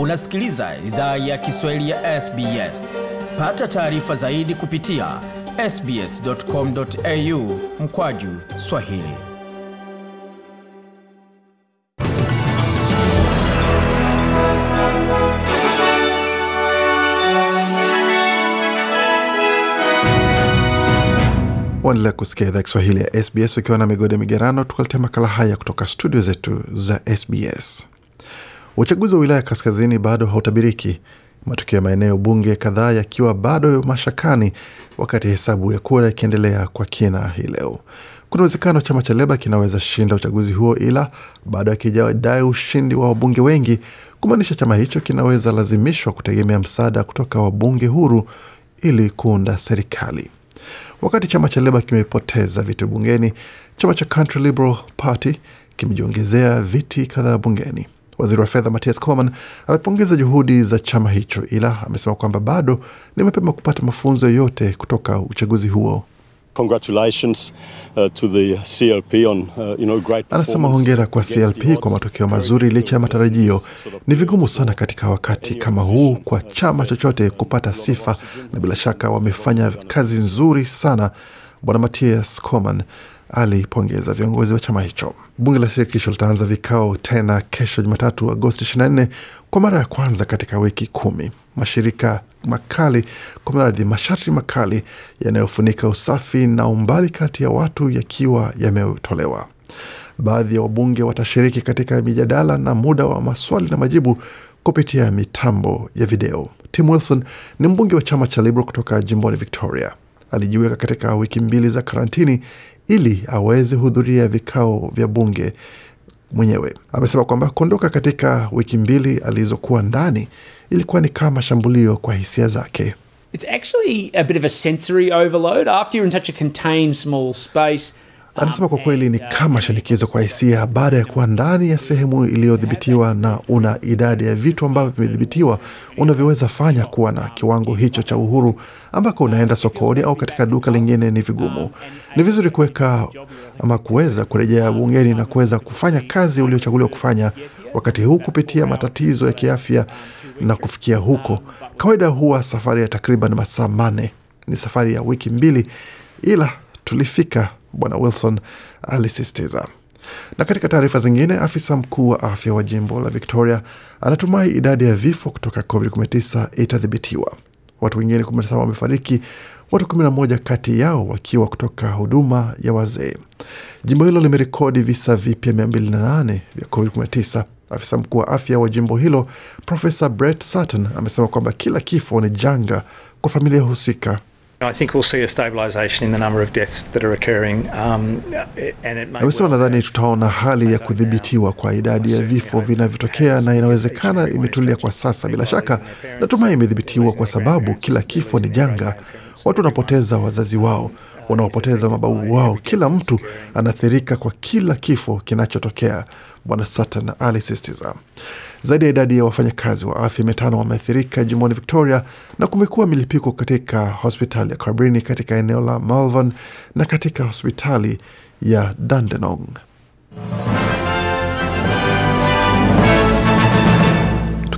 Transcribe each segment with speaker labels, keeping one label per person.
Speaker 1: Unasikiliza idhaa ya Kiswahili ya SBS. Pata taarifa zaidi kupitia sbs.com.au mkwaju Swahili. Waendelea kusikia idhaa Kiswahili ya SBS ukiwa na migode migerano, tukaletea makala haya kutoka studio zetu za SBS. Uchaguzi wa wilaya kaskazini bado hautabiriki, matokeo ya maeneo bunge kadhaa yakiwa bado mashakani, wakati hesabu ya kura ikiendelea kwa kina hii leo. Kuna uwezekano chama cha Leba kinaweza shinda uchaguzi huo, ila bado akijadai ushindi wa wabunge wengi, kumaanisha chama hicho kinaweza lazimishwa kutegemea msaada kutoka wabunge huru ili kuunda serikali. Wakati chama cha Leba kimepoteza viti bungeni, chama cha Country Liberal Party kimejiongezea viti kadhaa bungeni. Waziri wa fedha Matias Coman amepongeza juhudi za chama hicho, ila amesema kwamba bado ni mapema kupata mafunzo yoyote kutoka uchaguzi huo. Congratulations, uh, to the CLP on, uh, you know, great anasema hongera kwa CLP kwa matokeo mazuri licha ya matarajio. Ni vigumu sana katika wakati kama huu kwa chama chochote kupata sifa, na bila shaka wamefanya kazi nzuri sana, Bwana Mathias Coman alipongeza viongozi wa chama hicho. Bunge la shirikisho litaanza vikao tena kesho Jumatatu, Agosti 24 kwa mara ya kwanza katika wiki kumi. Mashirika makali kwa mradhi, masharti makali yanayofunika usafi na umbali kati ya watu yakiwa yametolewa. Baadhi ya wabunge watashiriki katika mijadala na muda wa maswali na majibu kupitia mitambo ya video. Tim Wilson ni mbunge wa chama cha Liberal kutoka jimboni Victoria. Alijiweka katika wiki mbili za karantini ili aweze hudhuria vikao vya bunge mwenyewe. Amesema kwamba kuondoka katika wiki mbili alizokuwa ndani ilikuwa ni kama shambulio kwa hisia zake. It's actually a bit of a sensory overload after you're in such a contained small space. Anasema kwa ah, kweli ni kama shinikizo kwa hisia, baada ya kuwa ndani ya sehemu iliyodhibitiwa na una idadi ya vitu ambavyo vimedhibitiwa unavyoweza fanya. Kuwa na kiwango hicho cha uhuru ambako unaenda sokoni au katika duka lingine ni vigumu. Ni vizuri kuweka ama kuweza kurejea bungeni na kuweza kufanya kazi uliochaguliwa kufanya, wakati huu kupitia matatizo ya kiafya na kufikia huko. Kawaida huwa safari ya takriban masaa mane, ni safari ya wiki mbili, ila tulifika Bwana Wilson alisisitiza. Na katika taarifa zingine, afisa mkuu wa afya wa jimbo la Victoria anatumai idadi ya vifo kutoka COVID-19 itadhibitiwa. Watu wengine 17 wamefariki, watu 11 kati yao wakiwa kutoka huduma ya wazee. Jimbo hilo limerekodi visa vipya 208 vya COVID-19. Afisa mkuu wa afya wa jimbo hilo Profesa Brett Sutton amesema kwamba kila kifo ni janga kwa familia husika Amesema um, nadhani tutaona hali ya kudhibitiwa kwa idadi ya vifo vinavyotokea, na inawezekana imetulia kwa sasa. Bila shaka, natumai imedhibitiwa, kwa sababu kila kifo ni janga. Watu wanapoteza wazazi wao, wanaopoteza mababu wao. Kila mtu anaathirika kwa kila kifo kinachotokea, Bwana Sutton alisisitiza. Zaidi ya idadi ya wafanyakazi wa afya mia tano wameathirika jimboni Victoria, na kumekuwa milipiko katika hospitali ya Kabrini katika eneo la Malvern na katika hospitali ya Dandenong.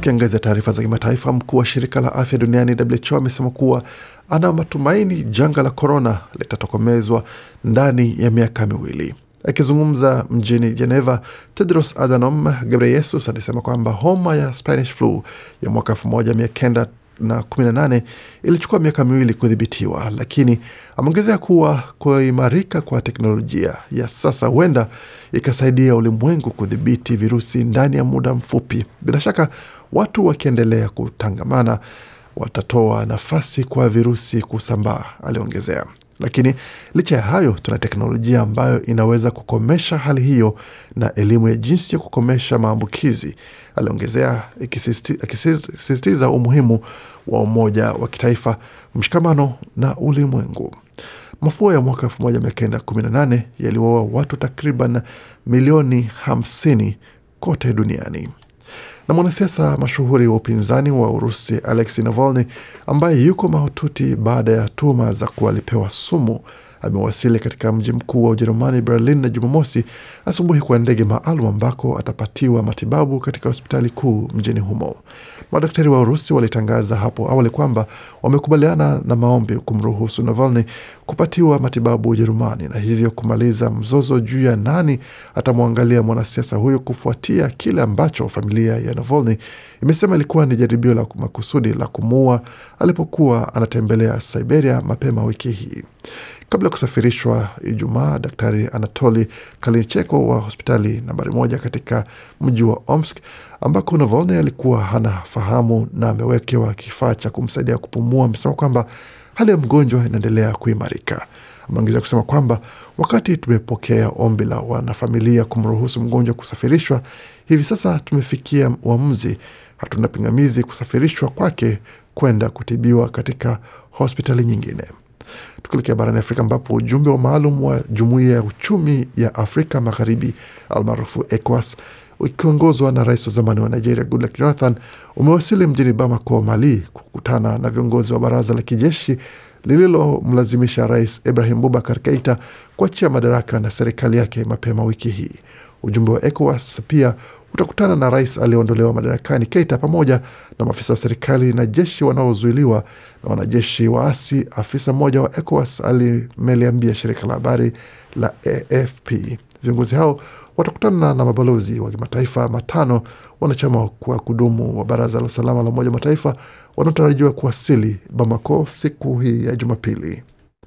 Speaker 1: Akiangazia taarifa za kimataifa, mkuu wa shirika la afya duniani WHO amesema kuwa ana matumaini janga la korona litatokomezwa ndani ya miaka miwili. Akizungumza mjini Geneva, Tedros Adhanom Ghebreyesus alisema kwamba homa ya Spanish flu ya mwaka 19 na 18 ilichukua miaka miwili kudhibitiwa, lakini ameongezea kuwa kuimarika kwa teknolojia ya sasa huenda ikasaidia ulimwengu kudhibiti virusi ndani ya muda mfupi. Bila shaka, watu wakiendelea kutangamana watatoa nafasi kwa virusi kusambaa, aliongezea. Lakini licha ya hayo, tuna teknolojia ambayo inaweza kukomesha hali hiyo na elimu ya jinsi ya kukomesha maambukizi, aliongezea akisisitiza umuhimu wa umoja wa kitaifa, mshikamano na ulimwengu. Mafua ya mwaka 1918 yaliwaua watu takriban milioni 50 kote duniani na mwanasiasa mashuhuri wa upinzani wa Urusi Alexei Navalny ambaye yuko mahututi baada ya tuhuma za kuwa alipewa sumu amewasili katika mji mkuu wa Ujerumani, Berlin, na Jumamosi asubuhi kwa ndege maalum ambako atapatiwa matibabu katika hospitali kuu mjini humo. Madaktari wa Urusi walitangaza hapo awali kwamba wamekubaliana na maombi kumruhusu Navalny kupatiwa matibabu Ujerumani na hivyo kumaliza mzozo juu ya nani atamwangalia mwanasiasa huyo kufuatia kile ambacho familia ya Navalny imesema ilikuwa ni jaribio la makusudi la kumuua alipokuwa anatembelea Siberia mapema wiki hii kabla ya kusafirishwa Ijumaa. Daktari Anatoli Kalincheko wa hospitali nambari moja katika mji wa Omsk ambako Navalny alikuwa hana fahamu na amewekewa kifaa cha kumsaidia kupumua, amesema kwamba hali ya mgonjwa inaendelea kuimarika. Ameongeza kusema kwamba wakati tumepokea ombi la wanafamilia kumruhusu mgonjwa kusafirishwa, hivi sasa tumefikia uamuzi, hatuna pingamizi kusafirishwa kwake kwenda kutibiwa katika hospitali nyingine. Tukielekea barani Afrika ambapo ujumbe wa maalum wa jumuiya ya uchumi ya Afrika Magharibi almaarufu ECOWAS ukiongozwa na rais wa zamani wa Nigeria Goodluck Jonathan umewasili mjini Bamako, Mali, kukutana na viongozi wa baraza la kijeshi lililomlazimisha rais Ibrahim Bubakar Keita kuachia madaraka na serikali yake mapema wiki hii. Ujumbe wa ECOWAS pia utakutana na rais aliyeondolewa madarakani Keita pamoja na maafisa wa serikali na jeshi wanaozuiliwa na wanajeshi waasi, afisa mmoja wa ECOWAS alimeliambia shirika la habari la AFP. Viongozi hao watakutana na mabalozi wa kimataifa matano wanachama wa kudumu wa baraza la usalama la Umoja wa Mataifa wanaotarajiwa kuwasili Bamako siku hii ya Jumapili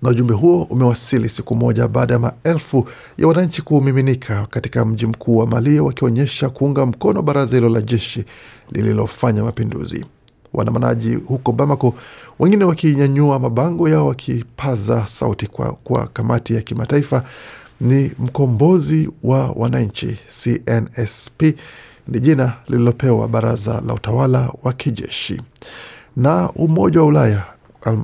Speaker 1: na ujumbe huo umewasili siku moja baada ya maelfu ya wananchi kumiminika katika mji mkuu wa Mali wakionyesha kuunga mkono baraza hilo la jeshi lililofanya mapinduzi. Waandamanaji huko Bamako, wengine wakinyanyua mabango yao wakipaza sauti kwa, kwa kamati ya kimataifa ni mkombozi wa wananchi CNSP ni jina lililopewa baraza la utawala wa kijeshi. Na Umoja wa Ulaya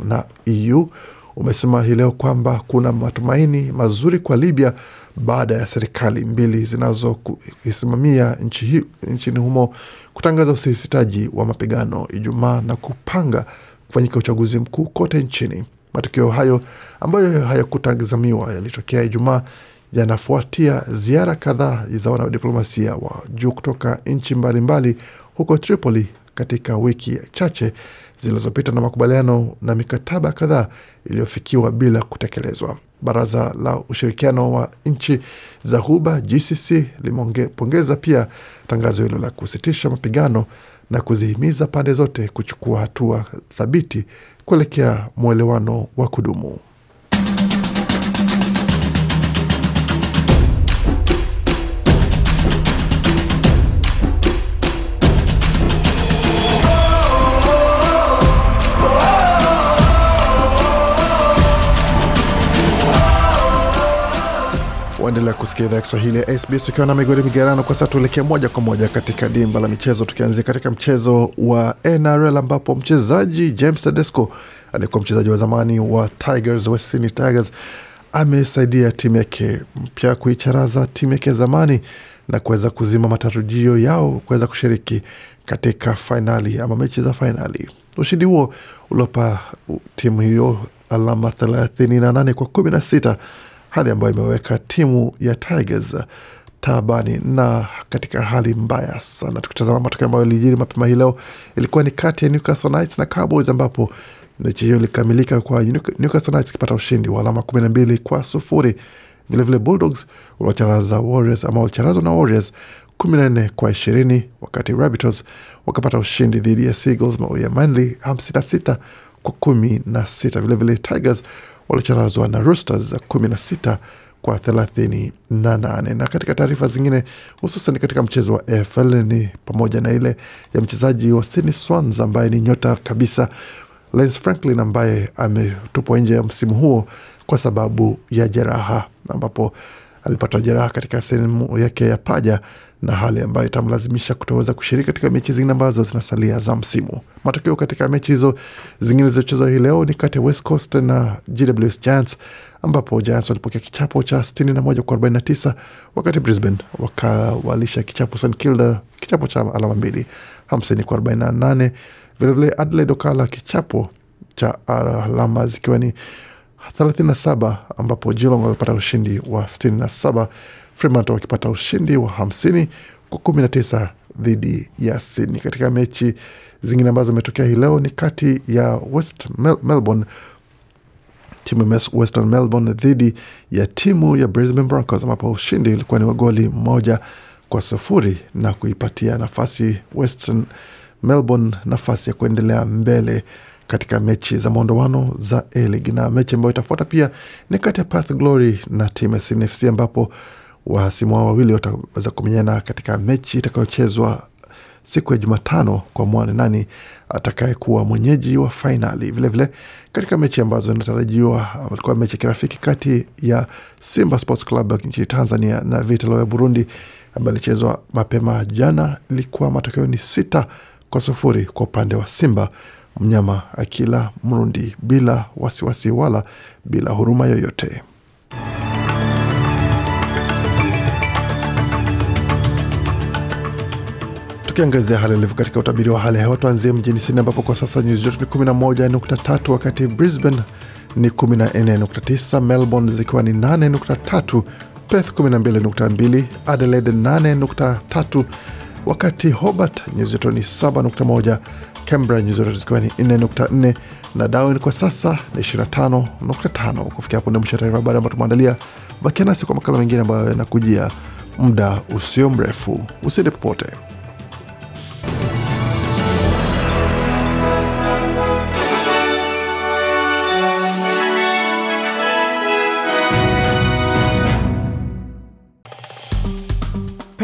Speaker 1: na EU umesema hii leo kwamba kuna matumaini mazuri kwa Libya baada ya serikali mbili zinazoisimamia nchi nchini humo kutangaza usisitaji wa mapigano Ijumaa na kupanga kufanyika uchaguzi mkuu kote nchini. Matukio hayo ambayo hayakutazamiwa yalitokea Ijumaa yanafuatia ziara kadhaa za wanadiplomasia wa juu kutoka nchi mbalimbali huko Tripoli katika wiki chache zilizopita na makubaliano na mikataba kadhaa iliyofikiwa bila kutekelezwa. Baraza la ushirikiano wa nchi za Ghuba GCC limepongeza pia tangazo hilo la kusitisha mapigano na kuzihimiza pande zote kuchukua hatua thabiti kuelekea mwelewano wa kudumu. waendelea kusikia idhaa Kiswahili ya SBS ukiwa na migodi migerano. Kwa sasa tuelekee moja kwa moja katika dimba la michezo, tukianzia katika mchezo wa NRL ambapo mchezaji James Tedesco aliyekuwa mchezaji wa zamani wa Tigers, West Sydney Tigers amesaidia timu yake mpya kuicharaza timu yake ya zamani na kuweza kuzima matarajio yao kuweza kushiriki katika fainali ama mechi za fainali. Ushindi huo uliopa timu hiyo alama 38 kwa 16 hali ambayo imeweka timu ya Tigers taabani na katika hali mbaya sana. Tukitazama matokeo ambayo ilijiri mapema hii leo, ilikuwa ni kati ya Newcastle Knights na Cowboys, ambapo mechi hiyo ilikamilika kwa Newcastle Knights ikipata ushindi wa alama kumi na mbili kwa sufuri. Vilevile Bulldogs waliwacharaza Warriors ama walicharazwa na Warriors kumi na nne kwa ishirini wakati Rabbitohs wakapata ushindi dhidi ya Seagulls ya Manly hamsini na sita kwa kumi na sita. Vilevile Tigers walicharazwa na Roosters 16 kwa 38. Na katika taarifa zingine, hususan katika mchezo wa AFL ni pamoja na ile ya mchezaji wa Sydney Swans ambaye ni nyota kabisa Lance Franklin ambaye ametupwa nje ya msimu huo kwa sababu ya jeraha, ambapo alipata jeraha katika sehemu yake ya paja na hali ambayo itamlazimisha kutoweza kushiriki katika mechi zingine ambazo zinasalia za msimu. Matokeo katika mechi hizo zingine zilizochezwa hii leo ni kati ya West Coast na GWS Giants ambapo Giants walipokea kichapo cha 61 kwa 49 wakati Brisbane wakawalisha kichapo St Kilda kichapo cha alama mbili 50 kwa 48. Vilevile Adelaide wakala kichapo cha alama zikiwa ni 37 ambapo Geelong wamepata ushindi wa 67 Fremantle wakipata ushindi wa hamsini kwa kumi na tisa dhidi ya Sydney. Katika mechi zingine ambazo zimetokea hii leo ni kati ya West Mel Melbourne timu ya Western Melbourne dhidi ya timu ya Brisbane Broncos ambapo ushindi ulikuwa ni wa goli moja kwa sufuri na kuipatia nafasi Western Melbourne nafasi ya kuendelea mbele katika mechi za mwondowano za A-League. Na mechi ambayo itafuata pia ni kati ya Perth Glory na timu ya Sydney FC ambapo wahasimu hao wawili wataweza kumenyana katika mechi itakayochezwa siku ya Jumatano kwa mwane nani atakayekuwa mwenyeji wa fainali. Vilevile katika mechi ambazo inatarajiwa alikuwa mechi ya kirafiki kati ya Simba Sports Club nchini Tanzania na Vitalo ya Burundi ambayo ilichezwa mapema jana, ilikuwa matokeo ni sita kwa sufuri kwa upande wa Simba, mnyama akila Mrundi bila wasiwasi wala bila huruma yoyote. Tukiangazia hali ilivyo katika utabiri wa hali ya hewa, tuanzie mjini Sydney ambapo kwa sasa nyuzi joto ni 11.3, wakati Brisbane ni 14.9, Melbourne zikiwa ni 8.3, Perth 12.2, Adelaide 8.3, wakati Hobart nyuzi joto ni 7.1, Canberra nyuzi joto zikiwa ni 4.4 na Darwin kwa sasa ni 25.5. Kufikia hapo ndio mwisho wa taarifa habari ambayo tumeandalia. Bakia nasi kwa makala mengine ambayo yanakujia muda usio mrefu. Usiende popote.